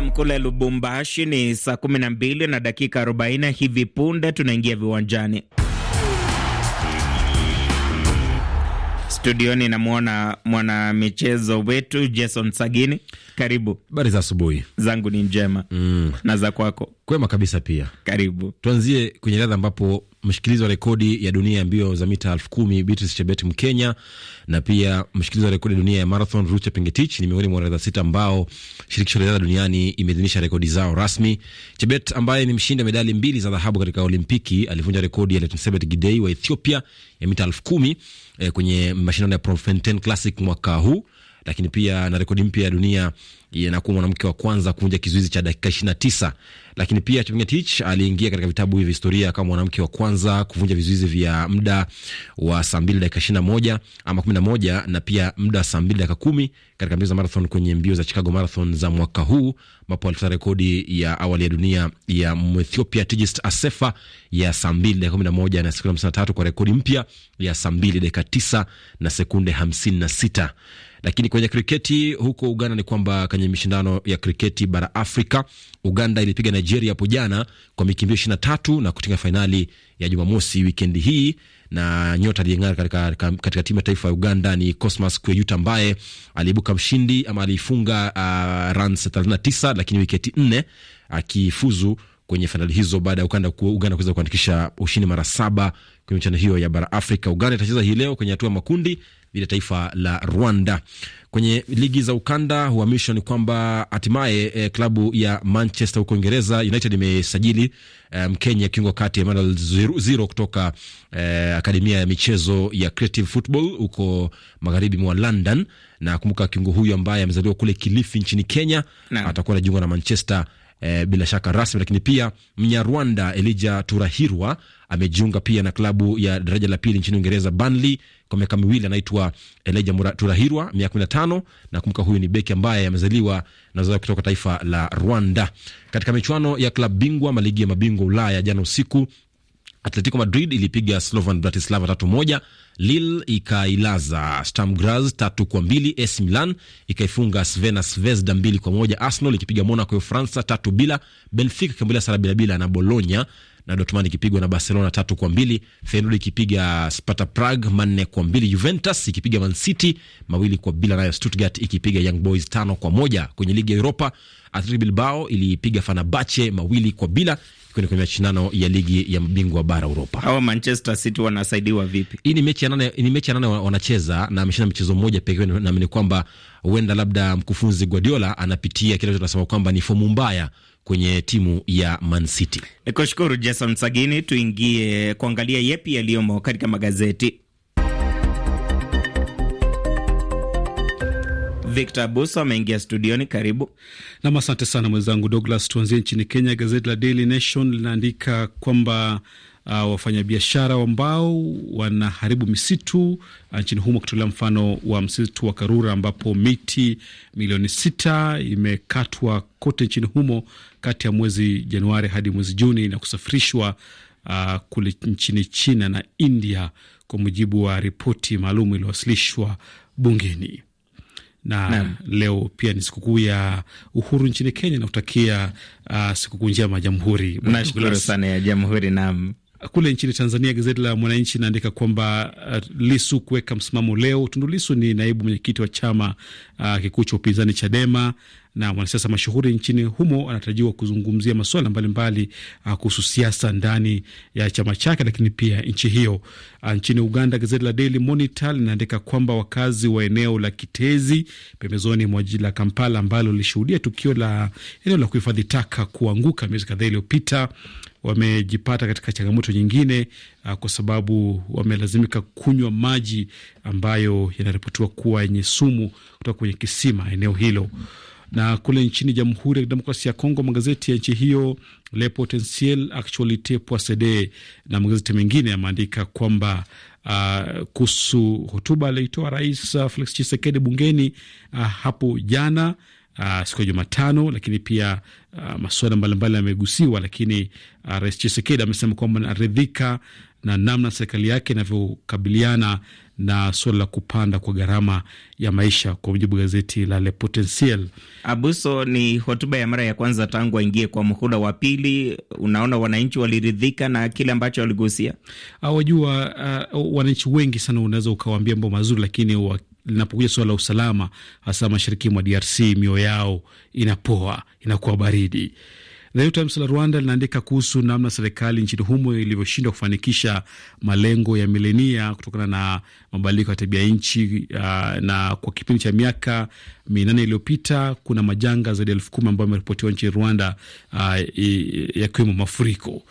Nam kule Lubumbashi ni saa 12 na dakika 40. Hivi punde tunaingia viwanjani studioni, namwona mwanamichezo wetu Jason Sagini, karibu. Habari za asubuhi. Zangu ni njema mm. na za kwako? Kwema kabisa. Pia karibu tuanzie kwenye riadha ambapo mshikilizi wa rekodi ya dunia ya mbio za mita elfu kumi Beatrice Chebet Mkenya na pia mshikilizi wa rekodi ya dunia ya marathon Rucha Pingetich ni miongoni mwa riadha sita ambao shirikisho la riadha duniani imeidhinisha rekodi zao rasmi. Chebet ambaye ni mshindi wa medali mbili za dhahabu katika Olimpiki alivunja rekodi ya Letsebet Gidei wa Ethiopia ya mita elfu kumi eh, kwenye mashindano ya Profontaine Classic mwaka huu lakini pia na rekodi mpya ya dunia yanakuwa mwanamke wa kwanza kuvunja kizuizi cha dakika na tisa Lakini pia Chepngetich aliingia katika vitabu hivi historia kama mwanamke wa kwanza kuvunja vizuizi vya muda wa saa mbili dakika na moja ama kumi na moja na pia muda wa saa mbili dakika kumi katika mbio za marathon kwenye mbio za Chicago Marathon za mwaka huu ambapo alifuta rekodi ya awali ya dunia ya Mwethiopia Tigist Asefa ya saa mbili dakika kumi na moja na sekunde hamsini na tatu kwa rekodi mpya ya saa mbili dakika tisa na sekunde hamsini na sita. Lakini kwenye kriketi huko Uganda ni kwamba kwenye mishindano ya kriketi bara Afrika, Uganda ilipiga Nigeria hapo jana kwa mikimbio ishirini na tatu na kutinga fainali ya Jumamosi wikendi hii na nyota aliyeng'ara katika, katika katika timu ya taifa ya Uganda ni Cosmas Kuyuta ambaye aliibuka mshindi ama aliifunga uh, runs 39 lakini wiketi nne akifuzu kwenye fainali hizo baada ya Uganda kuweza kuandikisha ushindi mara saba kwenye michano hiyo ya bara Afrika. Uganda itacheza hii leo kwenye hatua ya makundi vile taifa la Rwanda. Kwenye ligi za ukanda, uhamisho ni kwamba hatimaye eh, klabu ya Manchester huko Uingereza United imesajili eh, Mkenya um, kiungo kati Emmanuel Zero, Zero kutoka eh, akademia ya michezo ya Creative Football huko magharibi mwa London, na kumbuka kiungo huyu ambaye amezaliwa kule Kilifi nchini Kenya na atakuwa anajiunga na Manchester E, bila shaka rasmi, lakini pia Mnyarwanda Elija Turahirwa amejiunga pia na klabu ya daraja la pili nchini Uingereza Burnley kwa miaka miwili anaitwa Eleja Turahirwa, miaka kumi na tano. kumbuka huyu ni beki ambaye amezaliwa na kutoka taifa la Rwanda. Katika michuano ya klabu bingwa maligi ya mabingwa Ulaya jana usiku Atletico Madrid ilipiga Slovan Bratislava tatu moja. Lille ikailaza Sturm Graz tatu kwa mbili. AC Milan ikaifunga Svena Svezda mbili kwa moja. Arsenal ikipiga Monaco ya Ufaransa tatu bila. Benfica ikiambulia sara bila bila na Bologna na Dortmund ikipigwa na Barcelona tatu kwa mbili. Feyenoord ikipiga Sparta Prague manne kwa mbili. Juventus ikipiga Man City mawili kwa bila, nayo Stuttgart ikipiga Young Boys tano kwa moja. Kwenye ligi ya Europa Athletic Bilbao ilipiga Fenerbahce mawili kwa bila ikiwa kwenye mashindano ya ligi ya mabingwa bara Uropa. Hawa Manchester City wanasaidiwa vipi? Hii ni mechi ya nane, ni mechi ya nane wanacheza na ameshinda mchezo mmoja pekee, na ni kwamba huenda labda mkufunzi Guardiola anapitia kile tunasema kwamba ni fomu mbaya kwenye timu ya Man City. Nikushukuru Jason Sagini, tuingie kuangalia yepi yaliyomo katika magazeti. Victor Buso ameingia studioni, karibu nam. Asante sana mwenzangu Douglas. Tuanzie nchini Kenya. Gazeti la Daily Nation linaandika kwamba Uh, wafanyabiashara ambao wanaharibu misitu uh, nchini humo, kutolea mfano wa msitu wa Karura ambapo miti milioni sita imekatwa kote nchini humo kati ya mwezi Januari hadi mwezi Juni na kusafirishwa uh, kule nchini China na India, kwa mujibu wa ripoti maalum iliyowasilishwa bungeni na Naam. Leo pia ni sikukuu ya uhuru nchini Kenya na kutakia uh, sikukuu njema jamhuri. Nashukuru sana ya jamhuri. Naam. Kule nchini Tanzania, gazeti la Mwananchi inaandika kwamba uh, Lisu kuweka msimamo leo. Tundu Lisu ni naibu mwenyekiti wa chama uh, kikuu cha upinzani Chadema na mwanasiasa mashuhuri nchini humo anatarajiwa kuzungumzia masuala mbalimbali uh, kuhusu siasa ndani ya chama chake, lakini pia nchi hiyo. Uh, nchini Uganda, gazeti la Daily Monitor linaandika kwamba wakazi wa eneo la Kitezi pembezoni mwa jiji la Kampala ambalo lilishuhudia tukio la eneo la kuhifadhi taka kuanguka miezi kadhaa iliyopita wamejipata katika changamoto nyingine uh, kwa sababu wamelazimika kunywa maji ambayo yanaripotiwa kuwa yenye sumu kutoka kwenye kisima eneo hilo. Na kule nchini Jamhuri ya Kidemokrasia ya Kongo, magazeti ya nchi hiyo Le Potentiel, Actualite, na magazeti mengine yameandika kwamba uh, kuhusu hotuba aliyoitoa Rais uh, Felix Tshisekedi bungeni uh, hapo jana Uh, siku ya Jumatano, lakini pia uh, masuala mbalimbali yamegusiwa, lakini uh, Rais Tshisekedi amesema kwamba anaridhika na namna serikali yake inavyokabiliana na suala la kupanda kwa gharama ya maisha, kwa mujibu wa gazeti la Le Potentiel. Abuso, ni hotuba ya mara ya kwanza tangu aingie kwa muhula wa pili. Unaona, wananchi waliridhika na kile ambacho waligusia. Ah, wajua uh, wananchi wengi sana unaweza ukawaambia mambo mazuri, lakini linapokuja suala la usalama, hasa mashariki mwa DRC, mioyo yao inapoa, inakuwa baridi. The New Times la Rwanda linaandika kuhusu namna serikali nchini humo ilivyoshindwa kufanikisha malengo ya milenia kutokana na mabadiliko ya tabia nchi. Uh, na kwa kipindi cha miaka minane iliyopita kuna majanga zaidi ya elfu kumi ambayo yameripotiwa nchini Rwanda, uh, yakiwemo mafuriko.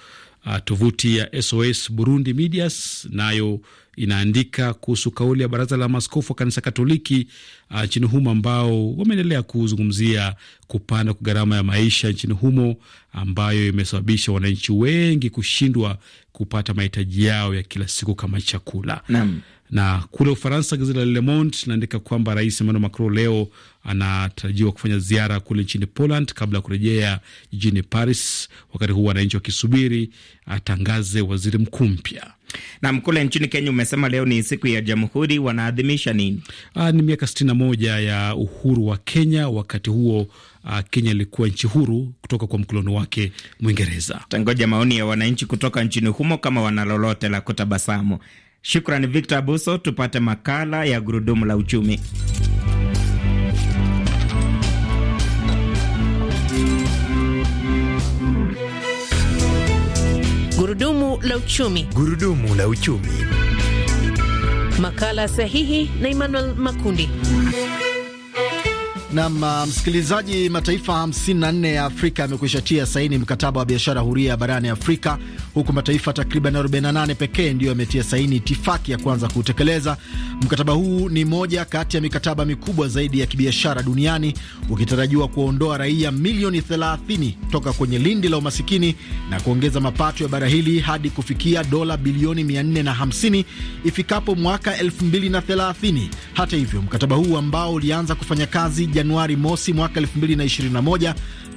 Uh, tovuti ya SOS Burundi Medias nayo inaandika kuhusu kauli ya baraza la maskofu wa kanisa Katoliki ah, nchini uh, humo ambao wameendelea kuzungumzia kupanda kwa gharama ya maisha nchini humo ambayo imesababisha wananchi wengi kushindwa kupata mahitaji yao ya kila siku kama chakula. Naam. Na kule Ufaransa, gazeti la Le Monde linaandika kwamba Rais Emmanuel Macron leo anatarajiwa kufanya ziara kule nchini Poland kabla ya kurejea jijini Paris, wakati huu wananchi wakisubiri atangaze waziri mkuu mpya. Nam, kule nchini Kenya umesema leo ni siku ya Jamhuri, wanaadhimisha nini? Aa, ah, ni miaka sitini na moja ya uhuru wa Kenya. Wakati huo aa, ah, Kenya ilikuwa nchi huru kutoka kwa mkoloni wake Mwingereza. Tangoja maoni ya wananchi kutoka nchini humo kama wana lolote la kutabasamu. Shukrani Victor Abuso. Tupate makala ya gurudumu la uchumi. Gurudumu la uchumi. Gurudumu la uchumi. Makala sahihi na Emmanuel Makundi. Nam uh, msikilizaji, mataifa 54 ya Afrika yamekwisha tia saini mkataba wa biashara huria barani Afrika, huku mataifa takriban 48 pekee ndiyo yametia saini itifaki ya kuanza kuutekeleza. Mkataba huu ni moja kati ya mikataba mikubwa zaidi ya kibiashara duniani, ukitarajiwa kuwaondoa raia milioni 30 toka kwenye lindi la umasikini na kuongeza mapato ya bara hili hadi kufikia dola bilioni 450 ifikapo mwaka 2030. Hata hivyo, mkataba huu ambao ulianza kufanya kazi Januari mosi mwaka 2021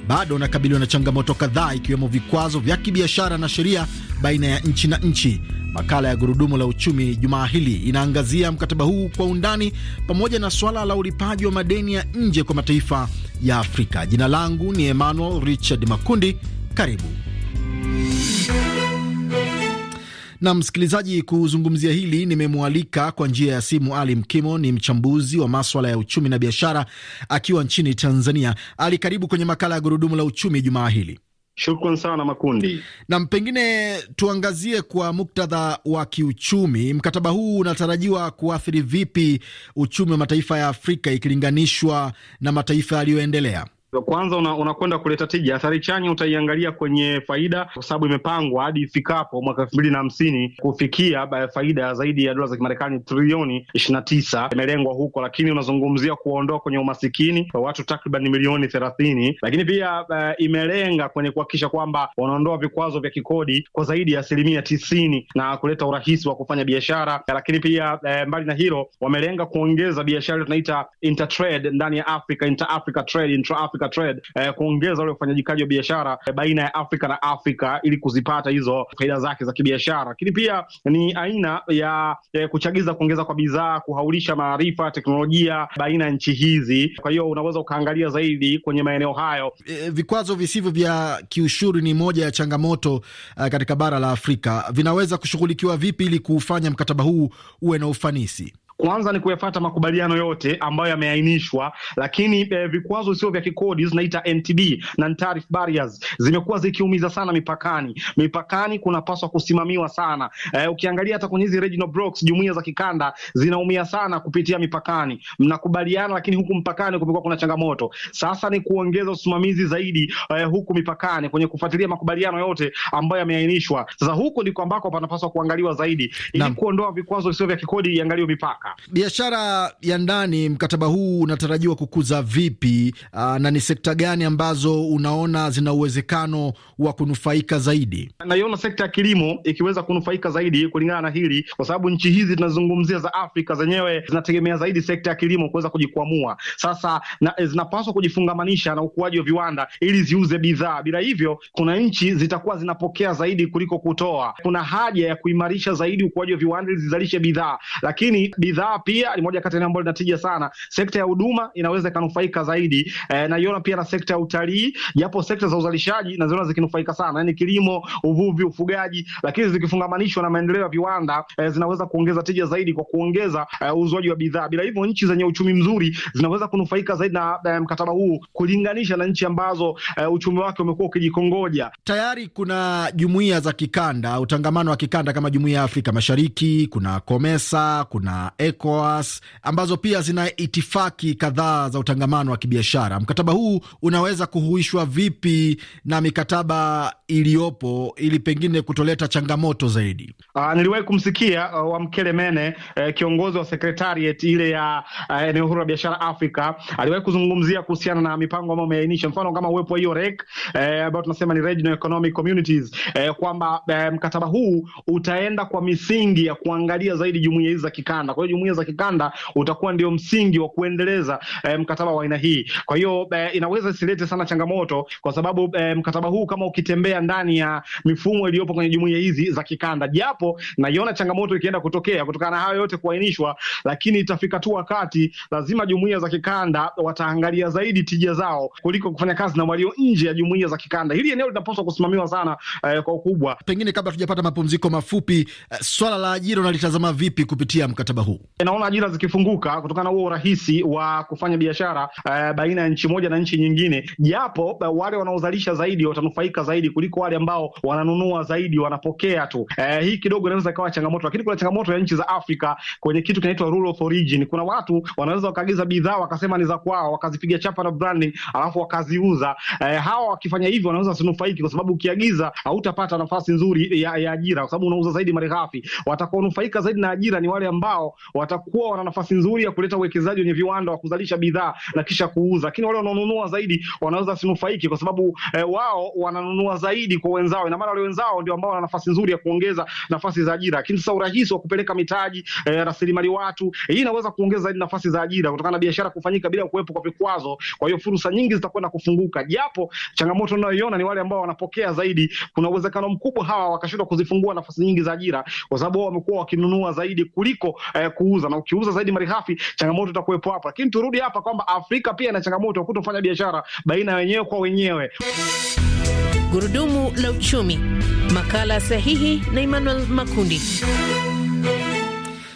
bado unakabiliwa na changamoto kadhaa ikiwemo vikwazo vya kibiashara na sheria baina ya nchi na nchi. Makala ya Gurudumu la Uchumi jumaa hili inaangazia mkataba huu kwa undani pamoja na suala la ulipaji wa madeni ya nje kwa mataifa ya Afrika. Jina langu ni Emmanuel Richard Makundi. Karibu. Na msikilizaji, kuzungumzia hili nimemwalika kwa njia ya simu Ali Mkimo, ni mchambuzi wa maswala ya uchumi na biashara akiwa nchini Tanzania. Ali, karibu kwenye makala ya Gurudumu la Uchumi jumaa hili. Shukran sana Makundi. Nam, pengine tuangazie kwa muktadha wa kiuchumi, mkataba huu unatarajiwa kuathiri vipi uchumi wa mataifa ya Afrika ikilinganishwa na mataifa yaliyoendelea? Kwanza unakwenda una kuleta tija. Athari chanya utaiangalia kwenye faida, kwa sababu imepangwa hadi ifikapo mwaka elfu mbili na hamsini kufikia faida zaidi ya dola za Kimarekani trilioni ishirini na tisa imelengwa huko, lakini unazungumzia kuwaondoa kwenye umasikini watu takriban milioni thelathini, lakini pia uh, imelenga kwenye kuhakikisha kwamba wanaondoa vikwazo vya kikodi kwa zaidi ya asilimia tisini na kuleta urahisi wa kufanya biashara, lakini pia uh, mbali na hilo wamelenga kuongeza biashara tunaita intertrade ndani ya Afrika, inter Africa trade, intra Africa Africa Trade eh, kuongeza ule ufanyajikaji wa biashara eh, baina ya Afrika na Afrika ili kuzipata hizo faida zake za kibiashara, lakini pia ni aina ya eh, kuchagiza kuongeza kwa bidhaa, kuhaulisha maarifa, teknolojia baina ya nchi hizi. Kwa hiyo unaweza ukaangalia zaidi kwenye maeneo hayo. E, vikwazo visivyo vya kiushuru ni moja ya changamoto eh, katika bara la Afrika. Vinaweza kushughulikiwa vipi ili kuufanya mkataba huu uwe na ufanisi? Kwanza ni kuyafata makubaliano yote ambayo yameainishwa, lakini eh, vikwazo sio vya kikodi zinaita NTB, na tariff barriers, zimekuwa zikiumiza sana mipakani. Mipakani kunapaswa kusimamiwa sana. Eh, ukiangalia hata kwenye hizi regional blocks, jumuiya za kikanda zinaumia sana kupitia mipakani. Mnakubaliana, lakini huku mpakani kumekuwa kuna changamoto. Sasa ni kuongeza usimamizi zaidi eh, huku mipakani kwenye kufuatilia makubaliano yote ambayo yameainishwa. Sasa huko ndiko ambako panapaswa kuangaliwa zaidi ili kuondoa vikwazo sio vya kikodi, iangaliwe mipaka mwaka. Biashara ya ndani, mkataba huu unatarajiwa kukuza vipi, aa, ah, na ni sekta gani ambazo unaona zina uwezekano wa kunufaika zaidi? Naiona sekta ya kilimo ikiweza kunufaika zaidi kulingana na hili, kwa sababu nchi hizi tunazungumzia za Afrika zenyewe zinategemea zaidi sekta ya kilimo kuweza kujikwamua. Sasa na, eh, zinapaswa kujifungamanisha na ukuaji wa viwanda ili ziuze bidhaa. Bila hivyo, kuna nchi zitakuwa zinapokea zaidi kuliko kutoa. Kuna haja ya kuimarisha zaidi ukuaji wa viwanda ili zizalishe bidhaa, lakini bidhaa bidhaa pia ni moja kati ya ambayo linatija sana. Sekta ya huduma inaweza ikanufaika zaidi e, naiona pia na sekta ya utalii, japo sekta za uzalishaji naziona zikinufaika sana, yani kilimo, uvuvi, ufugaji, lakini zikifungamanishwa na maendeleo ya viwanda e, zinaweza kuongeza tija zaidi kwa kuongeza eh, uuzwaji e, wa bidhaa. Bila hivyo, nchi zenye uchumi mzuri zinaweza kunufaika zaidi na e, mkataba huu kulinganisha na nchi ambazo e, uchumi wake umekuwa ukijikongoja. Tayari kuna jumuiya za kikanda, utangamano wa kikanda kama Jumuiya ya Afrika Mashariki, kuna Komesa, kuna ECOWAS ambazo pia zina itifaki kadhaa za utangamano wa kibiashara. Mkataba huu unaweza kuhuishwa vipi na mikataba iliyopo ili pengine kutoleta changamoto zaidi? Uh, niliwahi kumsikia uh, Wamkele Mene uh, eh, kiongozi wa sekretariat ile ya uh, eneo huru la biashara Afrika aliwahi kuzungumzia kuhusiana na mipango ambayo ameainisha, mfano kama uwepo wa hiyo REC eh, ambayo tunasema ni Regional Economic Communities uh, kwamba uh, mkataba huu utaenda kwa misingi ya kuangalia zaidi jumuiya hizi za kikanda. Kwa hiyo jumuiya za kikanda utakuwa ndio msingi wa kuendeleza eh, mkataba wa aina hii. Kwa hiyo eh, inaweza isilete sana changamoto kwa sababu eh, mkataba huu kama ukitembea ndani ya mifumo iliyopo kwenye jumuiya hizi za kikanda, japo naiona changamoto ikienda kutokea kutokana na hayo yote kuainishwa, lakini itafika tu wakati lazima jumuiya za kikanda wataangalia zaidi tija zao kuliko kufanya kazi na walio nje ya jumuiya za kikanda. Hili eneo linapaswa kusimamiwa sana eh, kwa ukubwa. Pengine kabla tujapata mapumziko mafupi, eh, swala la ajira unalitazama vipi kupitia mkataba huu? Naona ajira zikifunguka kutokana na huo urahisi wa kufanya biashara uh, baina ya nchi moja na nchi nyingine, japo uh, wale wanaozalisha zaidi watanufaika zaidi kuliko wale ambao wananunua zaidi, wanapokea tu. Uh, hii kidogo inaweza ikawa changamoto, lakini kuna changamoto ya nchi za Afrika kwenye kitu kinaitwa rule of origin. Kuna watu wanaweza wakaagiza bidhaa wakasema ni za kwao, wakazipiga chapa na branding, alafu wakaziuza. Uh, hawa wakifanya hivyo wanaweza wasinufaiki, kwa sababu ukiagiza hautapata nafasi nzuri ya, ya ajira, kwa sababu unauza zaidi malighafi. Watakaonufaika zaidi na ajira ni wale ambao watakuwa wana nafasi nzuri ya kuleta uwekezaji wenye viwanda wa kuzalisha bidhaa na kisha kuuza, lakini wale wanaonunua zaidi wanaweza sinufaiki kwa sababu eh, wao wananunua zaidi kwa wenzao, ina maana wale wenzao ndio ambao wana nafasi nzuri ya kuongeza nafasi za ajira. Lakini sasa urahisi wa kupeleka mitaji eh, rasilimali watu, hii inaweza kuongeza zaidi nafasi za ajira kutokana na biashara kufanyika bila kuwepo kwa vikwazo. Kwa hiyo fursa nyingi zitakwenda kufunguka, japo changamoto ninayoiona ni wale ambao wanapokea zaidi. Kuna uwezekano mkubwa hawa wakashindwa kuzifungua nafasi nyingi za ajira kwa sababu wao wamekuwa wakinunua zaidi kuliko eh, kuuza, na ukiuza zaidi marihafi changamoto itakuwepo hapa. Lakini turudi hapa kwamba Afrika pia ina changamoto ya kutofanya biashara baina ya wenyewe kwa wenyewe. Gurudumu la Uchumi, makala sahihi na Emmanuel Makundi.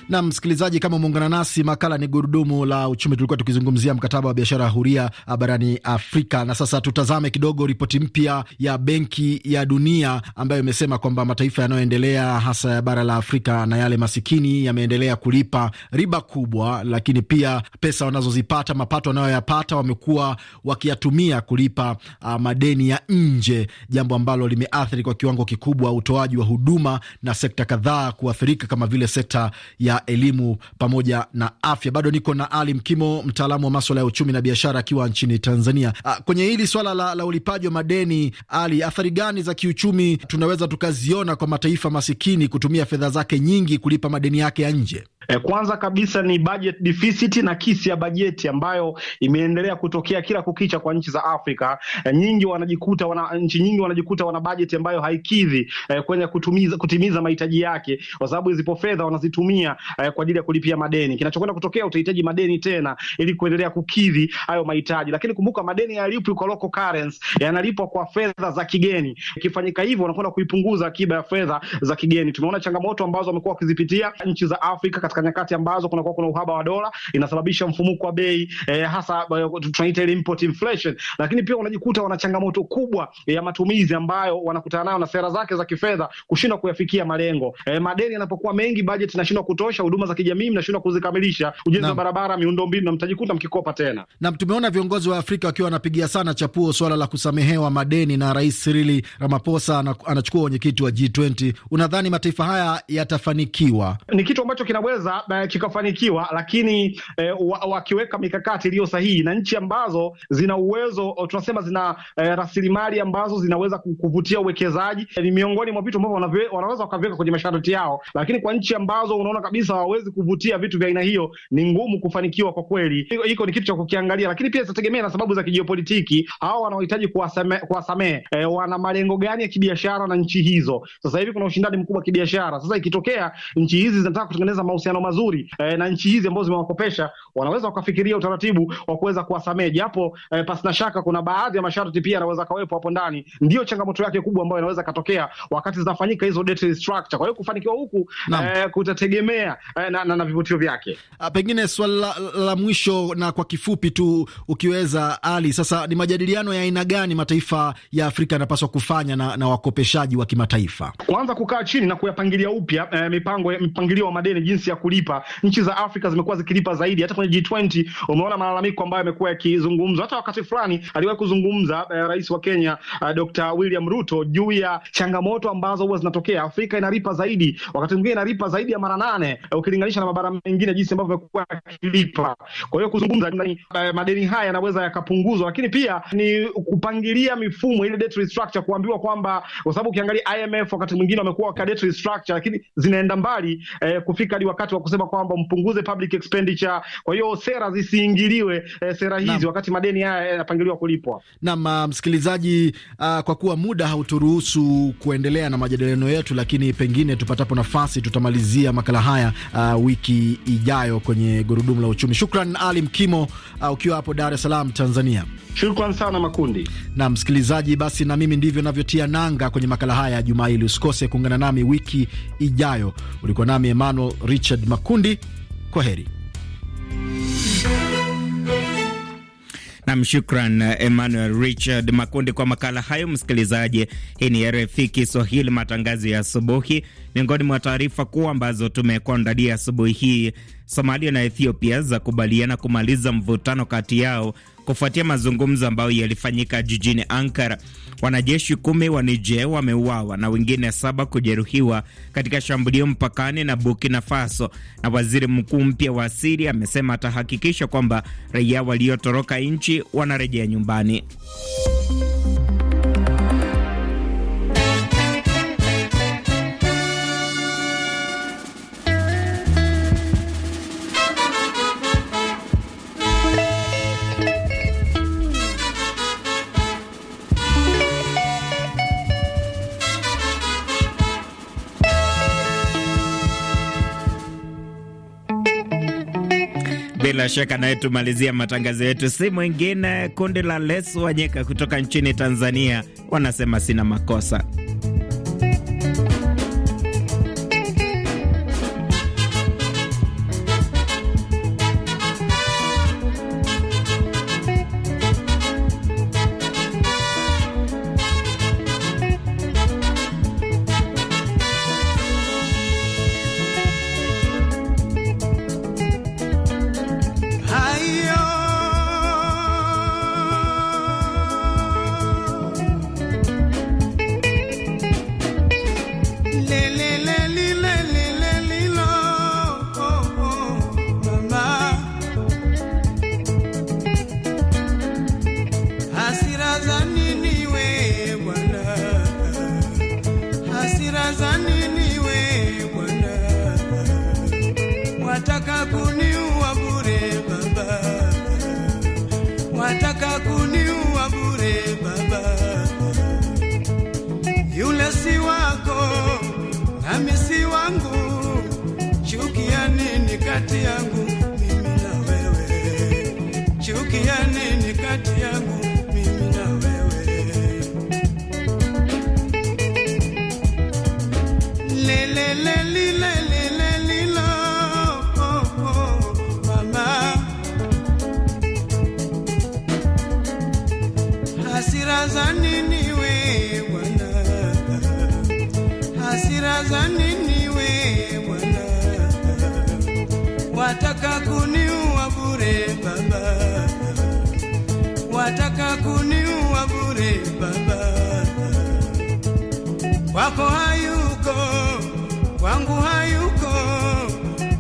Na msikilizaji, kama umeungana nasi, makala ni gurudumu la uchumi. Tulikuwa tukizungumzia mkataba wa biashara huria uh, barani Afrika, na sasa tutazame kidogo ripoti mpya ya Benki ya Dunia ambayo imesema kwamba mataifa yanayoendelea hasa ya bara la Afrika na yale masikini yameendelea kulipa riba kubwa, lakini pia pesa wanazozipata, mapato wanayoyapata, wamekuwa wakiyatumia kulipa uh, madeni ya nje, jambo ambalo limeathiri kwa kiwango kikubwa utoaji wa huduma na sekta kadhaa kuathirika kama vile sekta ya elimu pamoja na afya. Bado niko na Ali Mkimo, mtaalamu wa maswala ya uchumi na biashara, akiwa nchini Tanzania. A, ah, kwenye hili swala la, la ulipaji wa madeni, Ali, athari gani za kiuchumi tunaweza tukaziona kwa mataifa masikini kutumia fedha zake nyingi kulipa madeni yake ya nje? E, kwanza kabisa ni budget deficit na kisi ya bajeti ambayo imeendelea kutokea kila kukicha kwa nchi za Afrika. E, nyingi wanajikuta wana, nchi nyingi wanajikuta wana bajeti ambayo haikidhi eh, kwenye kutumiza, kutimiza mahitaji yake, kwa sababu zipo fedha wanazitumia eh, kwa ajili ya kulipia madeni. Kinachokwenda kutokea, utahitaji madeni tena ili kuendelea kukidhi hayo mahitaji, lakini kumbuka madeni yalipwi kwa local currency, yanalipwa kwa fedha za kigeni. Ikifanyika hivyo, wanakwenda kuipunguza akiba ya fedha za kigeni. Tumeona changamoto ambazo wamekuwa wakizipitia nchi za Afrika katika nyakati ambazo kunakuwa kuna uhaba wa dola, inasababisha mfumuko wa bei eh, hasa eh, tunaita ile import inflation, lakini pia unajikuta wana changamoto kubwa ya matumizi ambayo wanakutana nayo na sera zake za kifedha kushindwa kuyafikia malengo. Eh, madeni yanapokuwa mengi, bajeti inashindwa kutosha kuboresha huduma za kijamii, mnashindwa kuzikamilisha, ujenzi wa barabara, miundombinu na mtajikuta mkikopa tena. Na tumeona viongozi wa Afrika wakiwa wanapigia sana chapuo swala la kusamehewa madeni, na Rais Cyril Ramaphosa anachukua wenyekiti wa G20. Unadhani mataifa haya yatafanikiwa? Ni kitu ambacho kinaweza eh, kikafanikiwa, lakini eh, wakiweka mikakati iliyo sahihi na nchi ambazo zina uwezo tunasema zina eh, rasilimali ambazo zinaweza kuvutia uwekezaji, eh, ni miongoni mwa vitu ambavyo wanaweza wakaviweka kwenye masharti yao, lakini kwa nchi ambazo unaona kabisa kabisa hawawezi kuvutia vitu vya aina hiyo, ni ngumu kufanikiwa kwa kweli. Hiko ni kitu cha kukiangalia, lakini pia zitategemea na sababu za kijiopolitiki. Hawa wanaohitaji kuwasamehe e, eh, wana malengo gani ya kibiashara na nchi hizo? Sasa hivi kuna ushindani mkubwa wa kibiashara. Sasa ikitokea nchi hizi zinataka kutengeneza mahusiano mazuri e, na nchi hizi ambazo zimewakopesha, wanaweza wakafikiria utaratibu wa kuweza kuwasamehe, japo e, pasi na shaka kuna baadhi ya masharti pia yanaweza kawepo hapo ndani. Ndio changamoto yake kubwa ambayo inaweza katokea wakati zinafanyika hizo debt restructure. Kwa hiyo kufanikiwa huku e, kutategemea Eh, na, na, na, vivutio vyake. Ah, pengine swali la, la mwisho na kwa kifupi tu ukiweza, Ali, sasa ni majadiliano ya aina gani mataifa ya Afrika yanapaswa kufanya na, na wakopeshaji wa kimataifa? Kwanza kukaa chini na kuyapangilia upya eh, mipango mpangilio wa madeni, jinsi ya kulipa. Nchi za Afrika zimekuwa zikilipa zaidi, hata kwenye G20 umeona malalamiko ambayo yamekuwa yakizungumzwa. Hata wakati fulani aliwahi kuzungumza eh, rais wa Kenya eh, Dr. William Ruto juu ya changamoto ambazo huwa zinatokea. Afrika inalipa zaidi, wakati mwingine inalipa zaidi ya mara nane ukilinganisha na mabara mengine jinsi ambavyo yamekuwa yakilipa. Kwa hiyo kuzungumza eh, madeni haya yanaweza yakapunguzwa, lakini pia ni kupangilia mifumo ile debt restructure, kuambiwa kwamba kwa sababu ukiangalia IMF wakati mwingine wamekuwa waka debt restructure, lakini zinaenda mbali eh, kufika hadi wakati wa kusema kwamba mpunguze public expenditure. Kwa hiyo sera zisiingiliwe eh, sera hizi na, wakati madeni haya yanapangiliwa kulipwa. Naam, ah, msikilizaji, uh, kwa kuwa muda hauturuhusu kuendelea na majadiliano yetu, lakini pengine tupatapo nafasi tutamalizia makala haya uh, wiki ijayo kwenye gurudumu la uchumi. Shukran Ali Mkimo, uh, ukiwa hapo Dar es Salaam, Tanzania. Shukran sana Makundi. Na msikilizaji, basi na mimi ndivyo navyotia nanga kwenye makala haya ya jumaa hili. Usikose kuungana nami wiki ijayo. Ulikuwa nami Emmanuel Richard Makundi, kwa heri. Nam, shukran eh, Emmanuel Richard Makundi kwa makala hayo. Msikilizaji, hii ni RFI Kiswahili, matangazo ya asubuhi. Miongoni mwa taarifa kuu ambazo tumekuandalia asubuhi hii, Somalia na Ethiopia zakubaliana kumaliza mvutano kati yao kufuatia mazungumzo ambayo yalifanyika jijini Ankara. Wanajeshi kumi wa Niger wameuawa na wengine saba kujeruhiwa katika shambulio mpakani na Burkina Faso, na waziri mkuu mpya wa Siria amesema atahakikisha kwamba raia waliotoroka nchi wanarejea nyumbani. bila shaka anayetumalizia matangazo yetu si mwingine, kundi la Les Wanyeka kutoka nchini Tanzania, wanasema sina makosa. idea kwako hayuko, kwangu hayuko.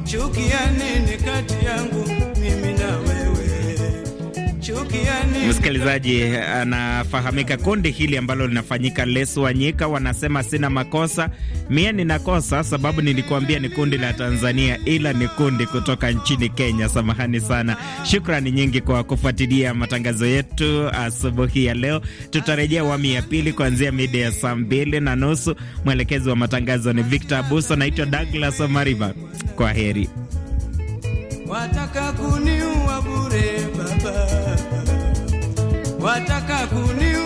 Chukia nini kati yangu mimi nawe? Msikilizaji anafahamika kundi hili ambalo linafanyika Lesu Wanyika, wanasema sina makosa. Mie nina kosa sababu nilikuambia ni kundi la Tanzania, ila ni kundi kutoka nchini Kenya. Samahani sana. Shukrani nyingi kwa kufuatilia matangazo yetu asubuhi ya leo. Tutarejea awamu ya pili kuanzia mida ya saa mbili na nusu. Mwelekezi wa matangazo ni Victor Abuso, naitwa Douglas Omariba. Kwa heri. Wataka kuniua bure baba wataka kuni